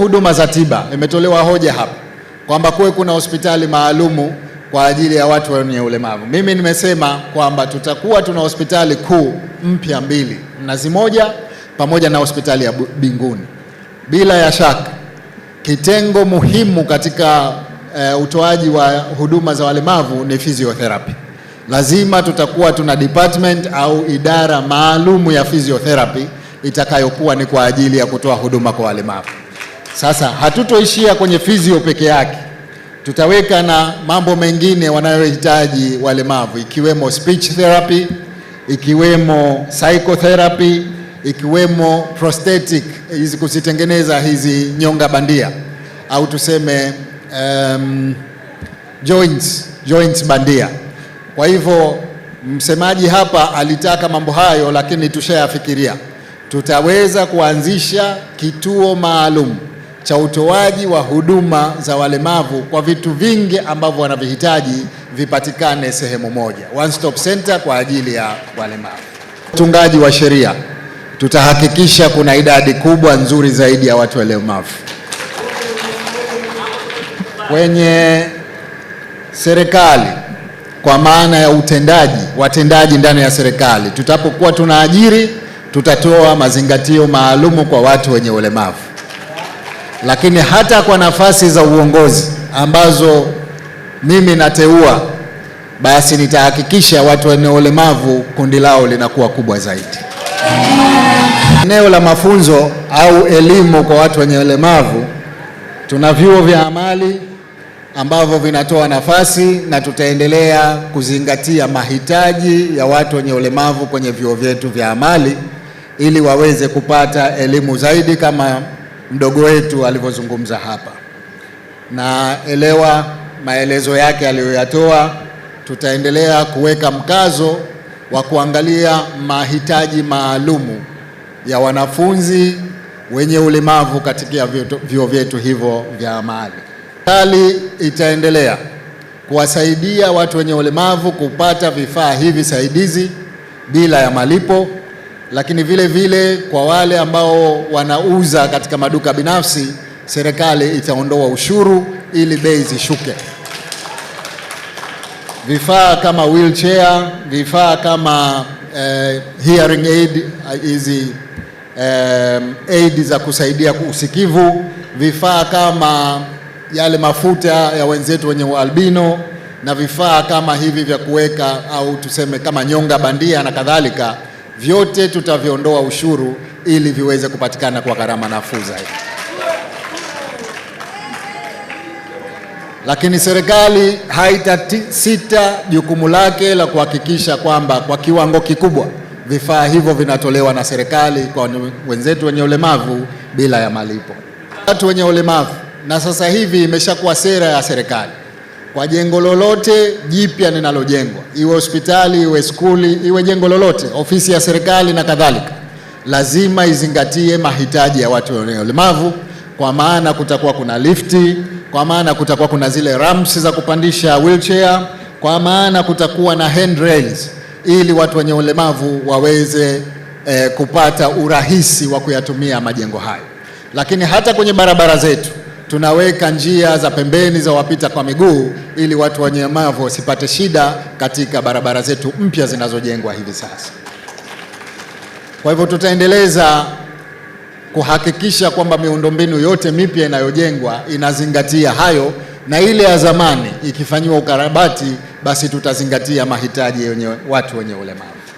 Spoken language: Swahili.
Huduma za tiba imetolewa hoja hapa kwamba kuwe kuna hospitali maalumu kwa ajili ya watu wenye ulemavu. Mimi nimesema kwamba tutakuwa tuna hospitali kuu mpya mbili, Mnazi Moja pamoja na hospitali ya Binguni. Bila ya shaka kitengo muhimu katika uh, utoaji wa huduma za walemavu ni physiotherapy. Lazima tutakuwa tuna department au idara maalumu ya physiotherapy itakayokuwa ni kwa ajili ya kutoa huduma kwa walemavu. Sasa hatutoishia kwenye physio peke yake, tutaweka na mambo mengine wanayohitaji walemavu, ikiwemo speech therapy, ikiwemo psychotherapy, ikiwemo prosthetic, hizi kuzitengeneza hizi nyonga bandia au tuseme um, joints, joints bandia. Kwa hivyo msemaji hapa alitaka mambo hayo, lakini tushayafikiria. Tutaweza kuanzisha kituo maalum cha utoaji wa huduma za walemavu kwa vitu vingi ambavyo wanavihitaji vipatikane sehemu moja, one stop center kwa ajili ya walemavu. Utungaji wa sheria, tutahakikisha kuna idadi kubwa nzuri zaidi ya watu walemavu kwenye serikali kwa maana ya utendaji, watendaji ndani ya serikali. Tutapokuwa tunaajiri, tutatoa mazingatio maalumu kwa watu wenye ulemavu lakini hata kwa nafasi za uongozi ambazo mimi nateua, basi nitahakikisha watu wenye ulemavu kundi lao linakuwa kubwa zaidi. Eneo la mafunzo au elimu kwa watu wenye ulemavu, tuna vyuo vya amali ambavyo vinatoa nafasi na tutaendelea kuzingatia mahitaji ya watu wenye ulemavu kwenye vyuo vyetu vya amali ili waweze kupata elimu zaidi kama mdogo wetu alivyozungumza hapa. Naelewa maelezo yake aliyoyatoa. Tutaendelea kuweka mkazo wa kuangalia mahitaji maalumu ya wanafunzi wenye ulemavu katika vyuo vyetu hivyo vya amali. Serikali itaendelea kuwasaidia watu wenye ulemavu kupata vifaa hivi saidizi bila ya malipo lakini vile vile kwa wale ambao wanauza katika maduka binafsi, serikali itaondoa ushuru ili bei zishuke. Vifaa kama wheelchair, vifaa kama eh, hearing aid hizi eh, aid za kusaidia usikivu, vifaa kama yale mafuta ya wenzetu wenye ualbino na vifaa kama hivi vya kuweka au tuseme kama nyonga bandia na kadhalika vyote tutaviondoa ushuru ili viweze kupatikana kwa gharama nafuu zaidi. Lakini serikali haitasita jukumu lake la kuhakikisha kwamba kwa kiwango kikubwa vifaa hivyo vinatolewa na serikali kwa wenzetu wenye ulemavu bila ya malipo. Watu wenye ulemavu na sasa hivi imeshakuwa sera ya serikali kwa jengo lolote jipya linalojengwa, iwe hospitali, iwe skuli, iwe jengo lolote, ofisi ya serikali na kadhalika, lazima izingatie mahitaji ya watu wenye ulemavu. Kwa maana kutakuwa kuna lifti, kwa maana kutakuwa kuna zile ramps za kupandisha wheelchair, kwa maana kutakuwa na handrails ili watu wenye ulemavu waweze eh, kupata urahisi wa kuyatumia majengo hayo. Lakini hata kwenye barabara zetu tunaweka njia za pembeni za wapita kwa miguu ili watu wanyemavu wasipate shida katika barabara zetu mpya zinazojengwa hivi sasa. Kwa hivyo tutaendeleza kuhakikisha kwamba miundombinu yote mipya inayojengwa inazingatia hayo, na ile ya zamani ikifanyiwa ukarabati, basi tutazingatia mahitaji ya watu wenye ulemavu.